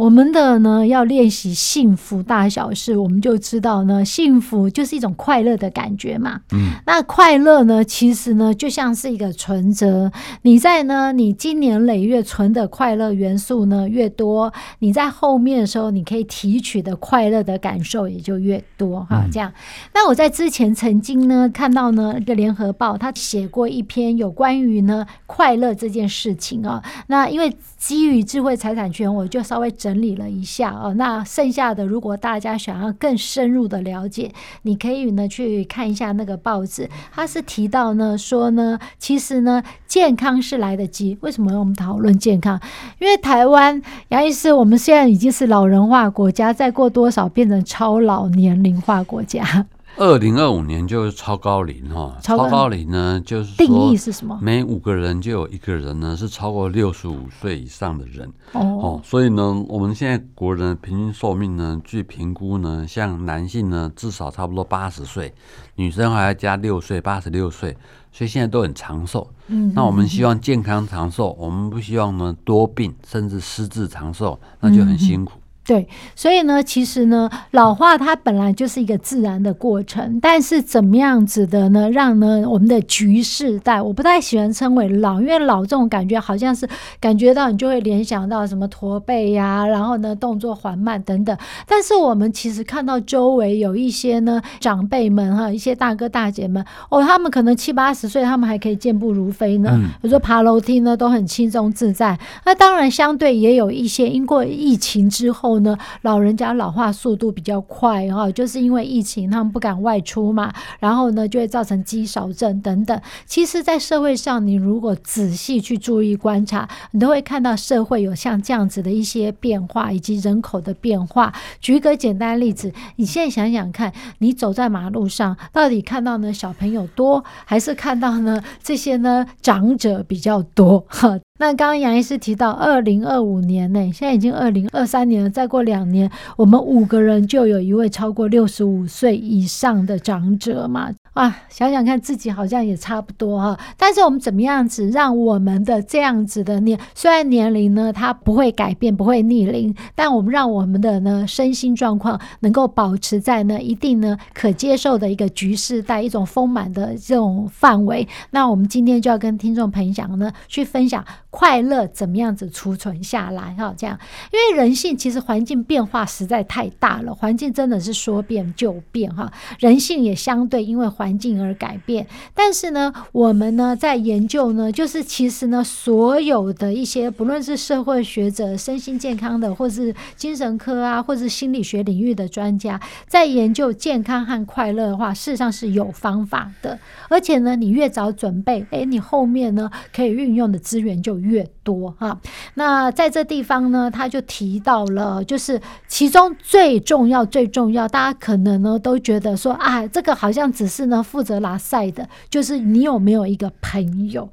我們的呢，要練習幸福大小事，我們就知道呢，幸福就是一種快樂的感覺嘛。嗯，那快樂呢，其實呢，就像是一個存折，你在呢，你經年累月存的快樂元素呢越多，你在後面的時候，你可以提取的快樂的感受也就越多哈、嗯。這樣，那我在之前曾經呢，看到呢一個聯合報，他寫過一篇有關於呢快樂這件事情啊、哦。那因為基於智慧財產權，我就稍微整。整理了一下哦，那剩下的如果大家想要更深入的了解，你可以呢去看一下那個報紙，它是提到呢說呢，其實呢健康是來得及。為什麼我們討論健康？因為台灣楊醫師，我們現在已經是老人化國家，再過多少變成超老年齡化國家？二零二五年就是超高齡哈，超高齡呢，超高齡呢就是說，定義是什麼？每五個人就有一個人呢是超過六十五歲以上的人哦，oh. 所以呢，我們現在國人的平均壽命呢，據評估呢，像男性呢至少差不多八十歲，女生還要加六歲，八十六歲，所以現在都很長壽。嗯、mm -hmm.，那我們希望健康長壽，我們不希望呢多病甚至失智長壽，那就很辛苦。Mm -hmm. 對，所以呢，其實呢，老化它本來就是一個自然的過程，但是怎麼樣子的呢？讓呢我們的局勢帶，我不太喜歡稱為老，因為老這種感覺好像是感覺到你就會聯想到什麼駝背呀、啊，然後呢動作緩慢等等。但是我們其實看到周圍有一些呢長輩們哈，一些大哥大姐們哦，他們可能七八十歲，他們還可以健步如飛呢，嗯、比如說爬樓梯呢都很輕鬆自在。那當然相對也有一些因過疫情之後呢。呢，老人家老化速度比較快，哈，就是因為疫情，他們不敢外出嘛，然後呢就會造成肌少症等等。其實，在社會上，你如果仔細去注意觀察，你都會看到社會有像這樣子的一些變化以及人口的變化。舉個簡單例子，你現在想想看，你走在馬路上，到底看到呢小朋友多，還是看到呢這些呢長者比較多？哈。那剛剛楊醫師提到，二零二五年呢、欸，現在已經二零二三年了，再過兩年，我們五個人就有一位超過六十五歲以上的長者嘛。啊，想想看，自己好像也差不多哈。但是我們怎麼樣子讓我們的這樣子的年，雖然年齡呢，它不會改變，不會逆齡，但我們讓我們的呢身心狀況能夠保持在呢一定呢可接受的一個局勢帶一種豐滿的這種範圍。那我們今天就要跟聽眾朋友講呢，去分享快樂怎麼樣子儲存下來哈。這樣，因為人性其實環境變化實在太大了，環境真的是說變就變哈。人性也相對因為。環境而改變，但是呢，我們呢在研究呢，就是其實呢，所有的一些不論是社會學者、身心健康的，或是精神科啊，或是心理學領域的專家，在研究健康和快樂的話，事實上是有方法的。而且呢，你越早準備，誒、哎，你後面呢可以運用的資源就越多哈、啊。那在這地方呢，他就提到了，就是其中最重要、最重要，大家可能呢都覺得說，啊，這個好像只是。負責拉賽的，就是你有沒有一個朋友？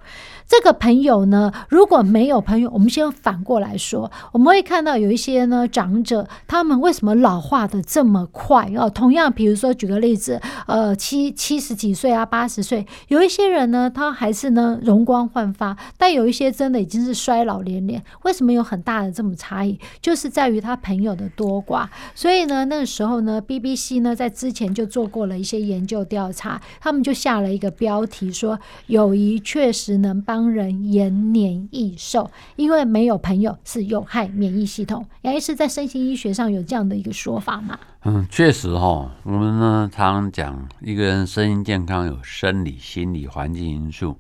這個朋友呢，如果沒有朋友，我們先反過來說，我們會看到有一些呢長者，他們為什麼老化的這麼快哦，啊，同樣，比如說舉個例子，呃，七七十幾歲啊，八十歲，有一些人呢，他還是呢容光煥發，但有一些真的已經是衰老連連。為什麼有很大的這麼差異？就是在於他朋友的多寡。所以呢，那時候呢，BBC 呢在之前就做過了一些研究調查。他們就下了一個標題說：“友誼確實能幫人延年益壽，因為沒有朋友是有害免疫系統。”楊醫師在身心醫學上有這樣的一個說法嗎？嗯，確實哦，我們呢，常常講一個人身心健康有生理、心理、環境因素，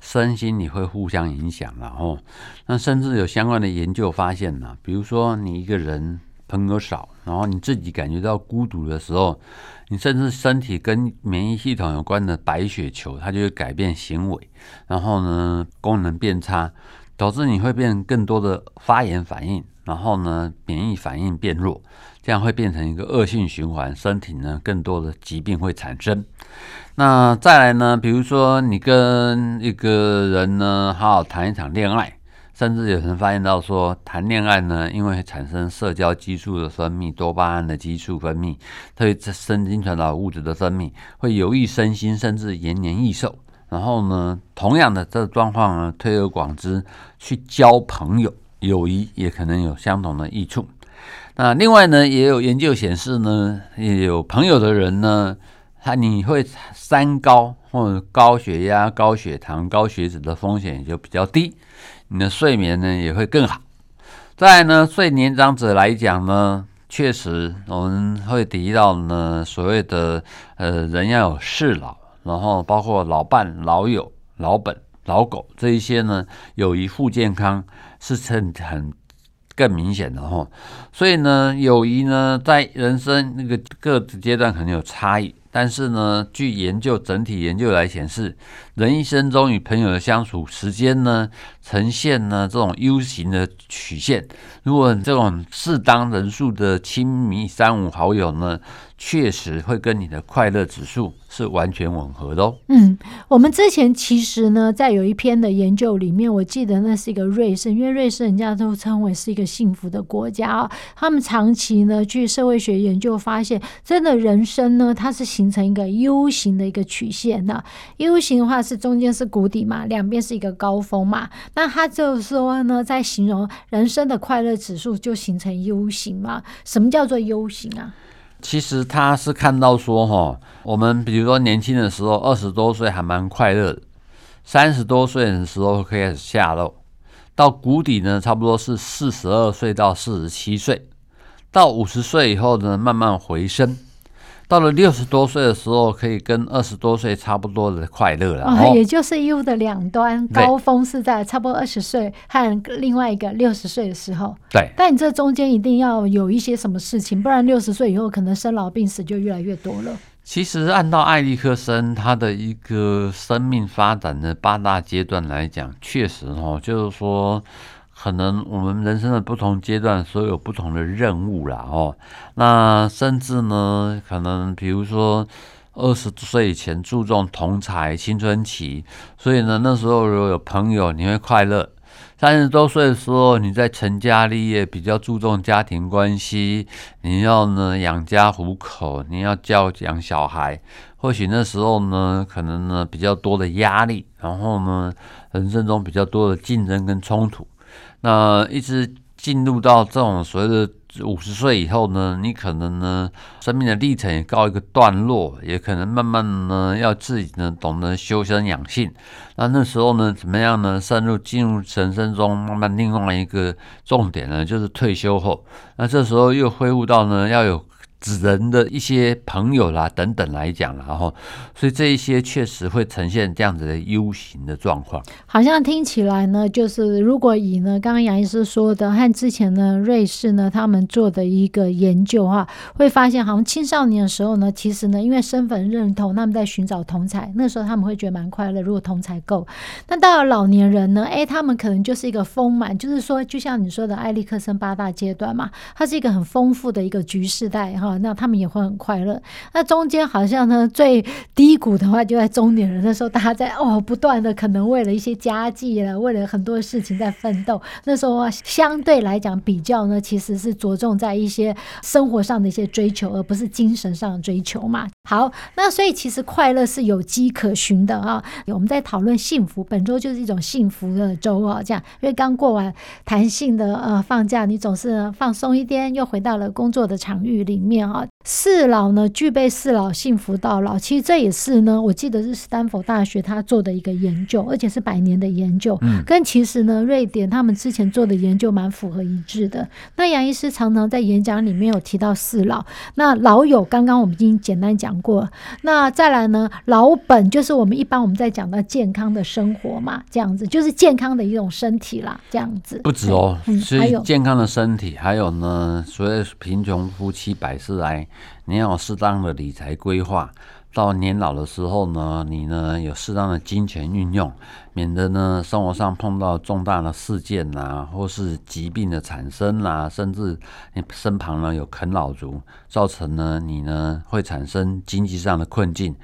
身心你會互相影響了哦。那甚至有相關的研究發現呢，啊，比如說你一個人朋友少。然後你自己感覺到孤獨的時候，你甚至身體跟免疫系統有關的白血球，它就會改變行為，然後呢功能變差，導致你會變更多的發炎反應，然後呢免疫反應變弱，這樣會變成一個惡性循環，身體呢更多的疾病會產生。那再來呢，比如說你跟一個人呢好好談一場戀愛。甚至有人發現到說，談戀愛呢，因為會產生社交激素的分泌，多巴胺的激素分泌，特別是神經傳導物質的分泌，會有益身心，甚至延年益壽。然後呢，同樣的這狀況呢，推而廣之，去交朋友、友誼，友誼也可能有相同的益處。那另外呢，也有研究顯示呢，也有朋友的人呢，他你會三高或者高血壓、高血糖、高血脂的風險就比較低。你的睡眠呢也會更好。再來呢，歲年長者來講呢，確實我們會提到呢，所謂的呃，人要有四老，然後包括老伴、老友、老本、老狗這一些呢，友誼護健康是是很，很更明顯的哈。所以呢，友誼呢，在人生那個各個階段可能有差異。但是呢，據研究、整體研究來顯示，人一生中與朋友的相處時間呢，呈現呢這種 U 型的曲線。如果你這種適當人數的親密三五好友呢，確實會跟你的快樂指數是完全吻合的哦。嗯，我們之前其實呢，在有一篇的研究裡面，我記得那是一個瑞士，因為瑞士人家都稱為是一個幸福的國家啊、喔。他們長期呢去社會學研究，發現真的人生呢，它是形成一個 U 型的一個曲線、啊。那 U 型的話是中間是谷底嘛，兩邊是一個高峰嘛。那他就說呢，在形容人生的快樂指數就形成 U 型嘛。什麼叫做 U 型啊？其實他是看到說，哈，我們比如說年輕的時候，二十多歲還蠻快樂的，三十多歲的時候開始下落，到谷底呢，差不多是四十二歲到四十七歲，到五十歲以後呢，慢慢回升。到了六十多歲的時候，可以跟二十多歲差不多的快樂了。哦，也就是 U 的兩端，高峰是在差不多二十歲，和另外一個六十歲的時候。對。但你這中間一定要有一些什麼事情，不然六十歲以後可能生老病死就越來越多了。其實按，按照艾利克森他的一個生命發展的八大階段來講，確實哦，就是說。可能我們人生的不同階段，所有不同的任務啦哦。那甚至呢，可能比如說二十歲以前注重同儕青春期，所以呢那時候如果有朋友，你會快樂。三十多歲的時候你在成家立業，比較注重家庭關係，你要呢養家糊口，你要教養小孩。或許那時候呢，可能呢比較多的壓力，然後呢人生中比較多的競爭跟衝突。那一直進入到這種所謂的五十歲以後呢，你可能呢生命的歷程也告一個段落，也可能慢慢呢要自己呢懂得修身養性。那那時候呢怎麼樣呢？深入進入人生中，慢慢另外一個重點呢就是退休後，那這時候又恢復到呢要有。指人的一些朋友啦等等來講，然後所以這一些確實會呈現這樣子的 U 型的狀況。好像聽起來呢，就是如果以呢剛剛楊醫師說的和之前呢瑞士呢他們做的一個研究哈、啊，會發現好像青少年的時候呢，其實呢因為身份認同，他們在尋找同儕，那時候他們會覺得蠻快樂。如果同儕夠，但到了老年人呢，哎、欸，他們可能就是一個豐滿，就是說就像你說的艾利克森八大階段嘛，它是一個很豐富的一個局勢帶哈。那他們也會很快樂。那中間好像呢，最低谷的話就在中年人的時候，大家在哦，不斷的可能為了一些家計了，為了很多事情在奮鬥。那時候相對來講比較呢，其實是着重在一些生活上的一些追求，而不是精神上的追求嘛。好，那所以其實快樂是有跡可循的啊。我們在討論幸福，本周就是一種幸福的周啊。這樣，因為剛過完彈性的呃放假，你總是放鬆一天，又回到了工作的場域裡面。挺好。四老呢，具備四老，幸福到老。其實這也是呢，我記得是斯坦福大學他做的一個研究，而且是百年的研究，嗯、跟其實呢瑞典他們之前做的研究蠻符合一致的。那楊醫師常常在演講裡面有提到四老，那老友剛剛我們已經簡單講過，那再來呢，老本就是我們一般我們在講到健康的生活嘛，這樣子就是健康的一種身體啦，這樣子不止哦，是健康的身體，嗯、還有，還有呢，所以貧窮夫妻百事哀。你要有適當的理財規劃，到年老的時候呢，你呢有適當的金錢運用，免得呢生活上碰到重大的事件啊，或是疾病的產生啦、啊，甚至你身旁呢有啃老族，造成呢你呢會產生經濟上的困境，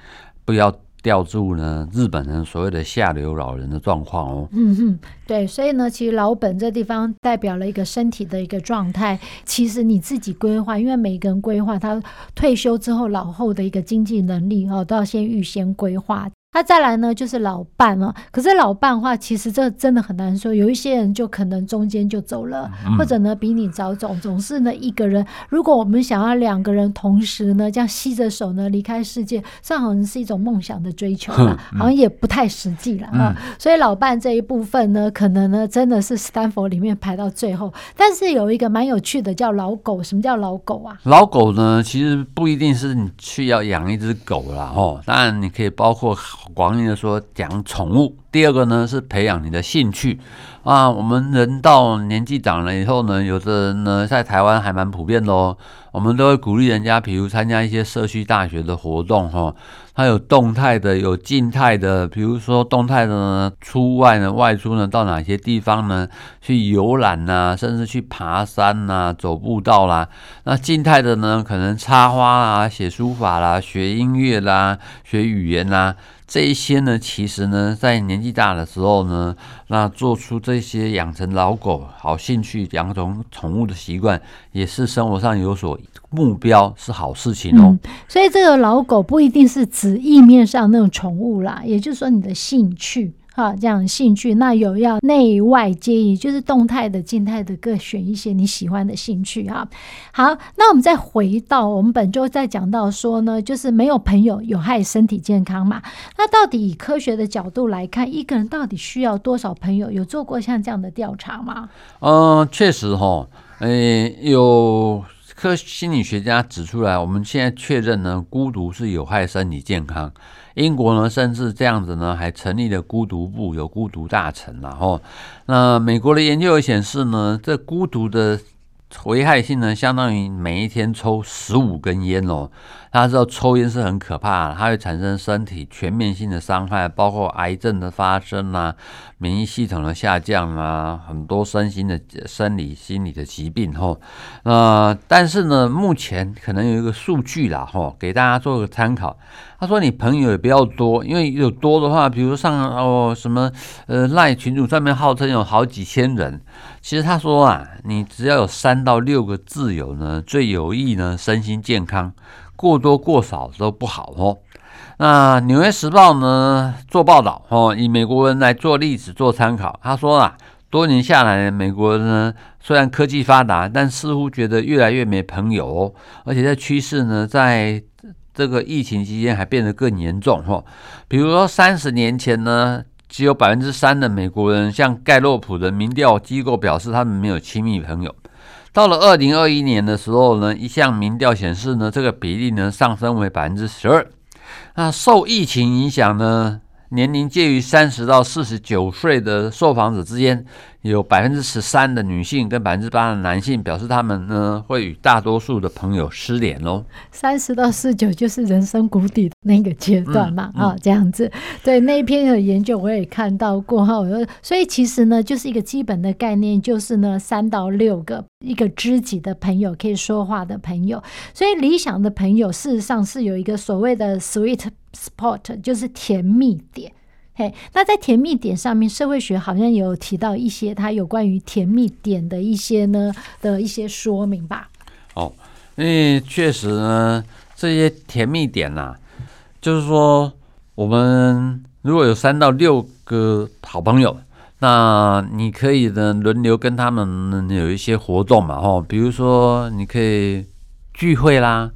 不要。吊住呢，日本人所謂的下流老人的狀況哦。嗯嗯，對，所以呢，其實老本這地方代表了一個身體的一個狀態。其實你自己規劃，因為每個人規劃他退休之後老後的一個經濟能力哦，都要先預先規劃。那再來呢，就是老伴了、哦。可是老伴的話，其實這真的很難說。有一些人就可能中間就走了，嗯、或者呢比你早走。總是呢一個人。如果我們想要兩個人同時呢這樣牽著手呢離開世界，上好像是一種夢想的追求了、嗯，好像也不太實際了、嗯、啊。所以老伴這一部分呢，可能呢真的是斯坦福裡面排到最後。但是有一個蠻有趣的叫老狗。什麼叫老狗啊？老狗呢，其實不一定是你去要養一隻狗了哦。當然你可以包括。廣義的說，講寵物。第二個呢是培養你的興趣啊！我們人到年紀長了以後呢，有的人呢在台灣還蠻普遍的哦。我們都會鼓勵人家，比如參加一些社區大學的活動哈、哦。它有動態的，有靜態的。比如說動態的呢，出外呢，外出呢，到哪些地方呢去遊覽吶、啊，甚至去爬山吶、啊，走步道啦、啊。那靜態的呢，可能插花啊、寫書法啦、啊、學音樂啦、啊、學語言啦、啊，這一些呢，其實呢，在年。大的時候呢，那做出這些養成老狗好興趣，養種寵物的習慣，也是生活上有所目標是好事情哦，嗯。所以這個老狗不一定是指字面上的那種寵物啦，也就是說你的興趣。好，這樣興趣，那有要內外皆宜，就是動態的、靜態的各選一些你喜歡的興趣哈、啊。好，那我們再回到我們本周在講到說呢，就是沒有朋友有害身體健康嘛。那到底以科學的角度來看，一個人到底需要多少朋友？有做過像這樣的調查嗎？嗯、呃，確實哈，誒、呃，有科學心理學家指出來，我們現在確認呢，孤獨是有害身體健康。英國呢，甚至這樣子呢，還成立了孤獨部，有孤獨大臣。那美國的研究顯示呢，這孤獨的危害性呢，相當於每一天抽十五根煙哦。他知道抽煙是很可怕的，它會產生身體全面性的傷害，包括癌症的發生啊，免疫系統的下降啊，很多身心的生理、心理的疾病哈。呃，但是呢，目前可能有一個數據啦哈，給大家做個參考。他說你朋友也不要多，因為有多的話，比如說上哦什麼呃賴群組上面號稱有好幾千人，其實他說啊，你只要有三到六個摯友呢，最有益呢身心健康。過多過少都不好哦。那《紐約時報》呢做報道哦，以美國人來做例子做參考，他說啊，多年下來，美國人呢雖然科技發達，但似乎覺得越來越沒朋友哦，而且在趨勢呢，在這個疫情期間還變得更嚴重哦，比如說，三十年前呢，只有百分之三的美國人，向蓋洛普的民調機構表示他們沒有親密朋友。到了二零二一年的時候呢，一項民調顯示呢，這個比例呢上升為百分之十二。那受疫情影響呢，年齡介於三十到四十九歲的受訪者之間，有百分之十三的女性跟百分之八的男性表示，他們呢會與大多數的朋友失聯嘍。三十到四九就是人生谷底的那個階段嘛，啊、嗯嗯，這樣子。對那一篇的研究我也看到過哈，我說，所以其實呢就是一個基本的概念，就是呢三到六個一個知己的朋友，可以說話的朋友。所以理想的朋友事實上是有一個所謂的 sweet。Spot 就是甜蜜點，嘿、hey，那在甜蜜點上面，社會學好像有提到一些它有關於甜蜜點的一些呢的一些說明吧。哦，因為確實呢，這些甜蜜點吶、啊，就是說，我們如果有三到六個好朋友，那你可以呢輪流跟他們有一些活動嘛，哦，比如說你可以聚會啦，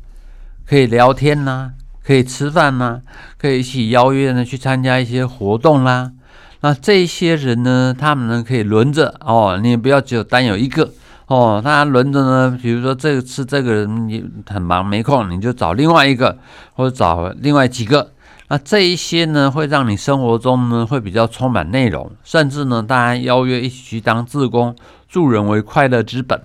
可以聊天啦。可以吃飯嗎、啊？可以一起邀約呢，去參加一些活動啦、啊。那這些人呢，他們呢可以輪着哦，你不要只有單有一個哦。大家輪着呢，比如說這次這個人你很忙沒空，你就找另外一個或者找另外幾個。那這一些呢，會讓你生活中呢會比較充滿內容，甚至呢大家邀約一起去當志工。助人為快樂之本，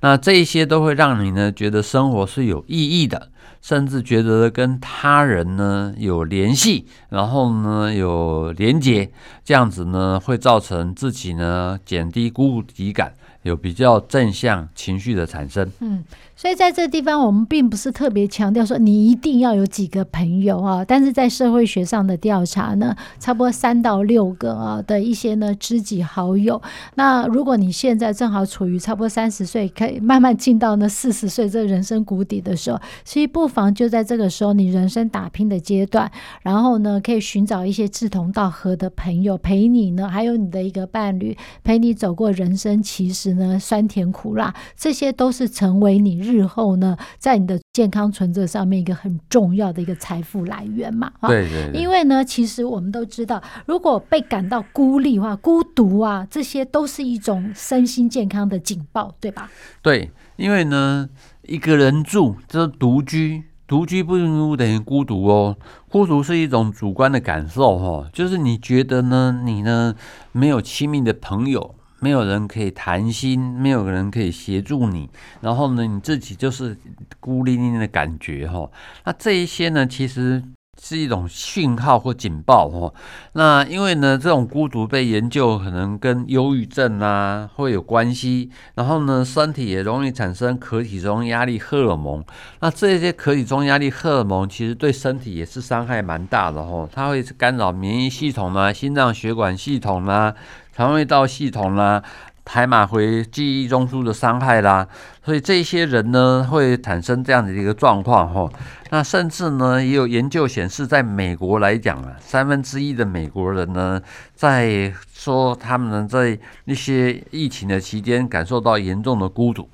那這一些都會讓你呢覺得生活是有意義的，甚至覺得跟他人呢有聯繫，然後呢有連接，這樣子呢會造成自己呢減低孤獨感，有比較正向情緒的產生。嗯。所以在這地方，我們並不是特別強調說你一定要有幾個朋友啊，但是在社會學上的調查呢，差不多三到六個啊的一些呢知己好友。那如果你現在正好處於差不多三十歲，可以慢慢進到呢四十歲這人生谷底的時候，所以不妨就在這個時候，你人生打拼的階段，然後呢可以尋找一些志同道合的朋友陪你呢，還有你的一個伴侶陪你走過人生，其實呢酸甜苦辣，這些都是成為你。日後呢，在你的健康存摺上面，一個很重要的一個財富來源嘛。對對，對。因為呢，其實我們都知道，如果被感到孤立的話、孤獨啊，這些都是一種身心健康的警報，對吧？對，因為呢，一個人住，這是獨居，獨居不等於孤獨哦。孤獨是一種主觀的感受、哦，哈，就是你覺得呢，你呢沒有親密的朋友。沒有人可以談心，沒有人可以協助你，然後呢，你自己就是孤零零的感覺吼、哦，那這一些呢，其實是一種訊號或警報吼、哦，那因為呢，這種孤獨被研究，可能跟憂鬱症啊會有關係。然後呢，身體也容易產生可體松壓力荷爾蒙。那這些可體松壓力荷爾蒙，其實對身體也是傷害蠻大的吼、哦，它會干擾免疫系統啊，心臟血管系統啊、腸胃道系統啦、啊，海馬迴記憶中樞的傷害啦，所以這些人呢會產生這樣的一個狀況吼，那甚至呢也有研究顯示，在美國來講啊，三分之一的美國人呢，在說他們在那些疫情的期間感受到嚴重的孤獨。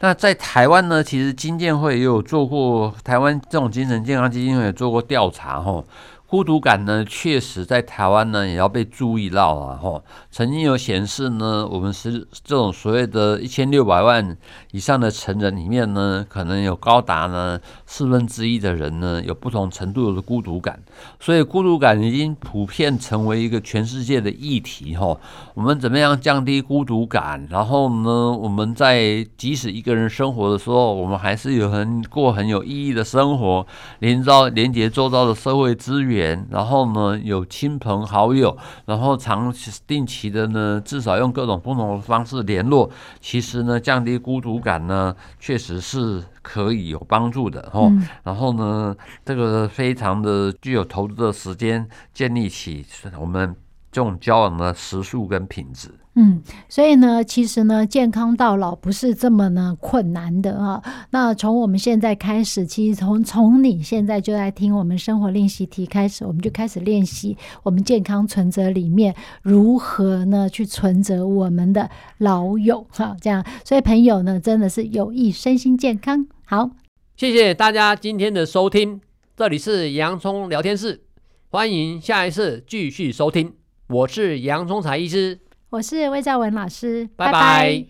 那在台灣呢，其實基金會也有做過台灣這種精神健康基金會也做過調查吼、哦。孤獨感呢，確實在台灣呢也要被注意到了吼，曾經有顯示呢，我們是這種所謂的一千六百萬以上的成人裡面呢，可能有高達呢四分之一的人呢有不同程度的孤獨感。所以孤獨感已經普遍成為一個全世界的議題。吼，我們怎麼樣降低孤獨感？然後呢，我們在即使一個人生活的時候，我們還是有很過很有意義的生活，連招連接周遭的社會資源。然後呢，有親朋好友，然後長期定期的呢，至少用各種不同的方式聯絡。其實呢，降低孤獨感呢，確實是可以有幫助的、嗯、然後呢，這個非常的具有投資的時間，建立起我們。這種交往的時數跟品質，嗯，所以呢，其實呢，健康到老不是這麼呢困難的啊、哦。那從我們現在開始，其實從從你現在就在聽我們生活練習題開始，我們就開始練習我們健康存摺裡面如何呢去存摺我們的老友哈、哦，這樣，所以朋友呢真的是有益身心健康。好，謝謝大家今天的收聽，這裡是洋蔥聊天室，歡迎下一次繼續收聽。我是楊聰財醫師，我是魏兆玟老師，拜拜。拜拜。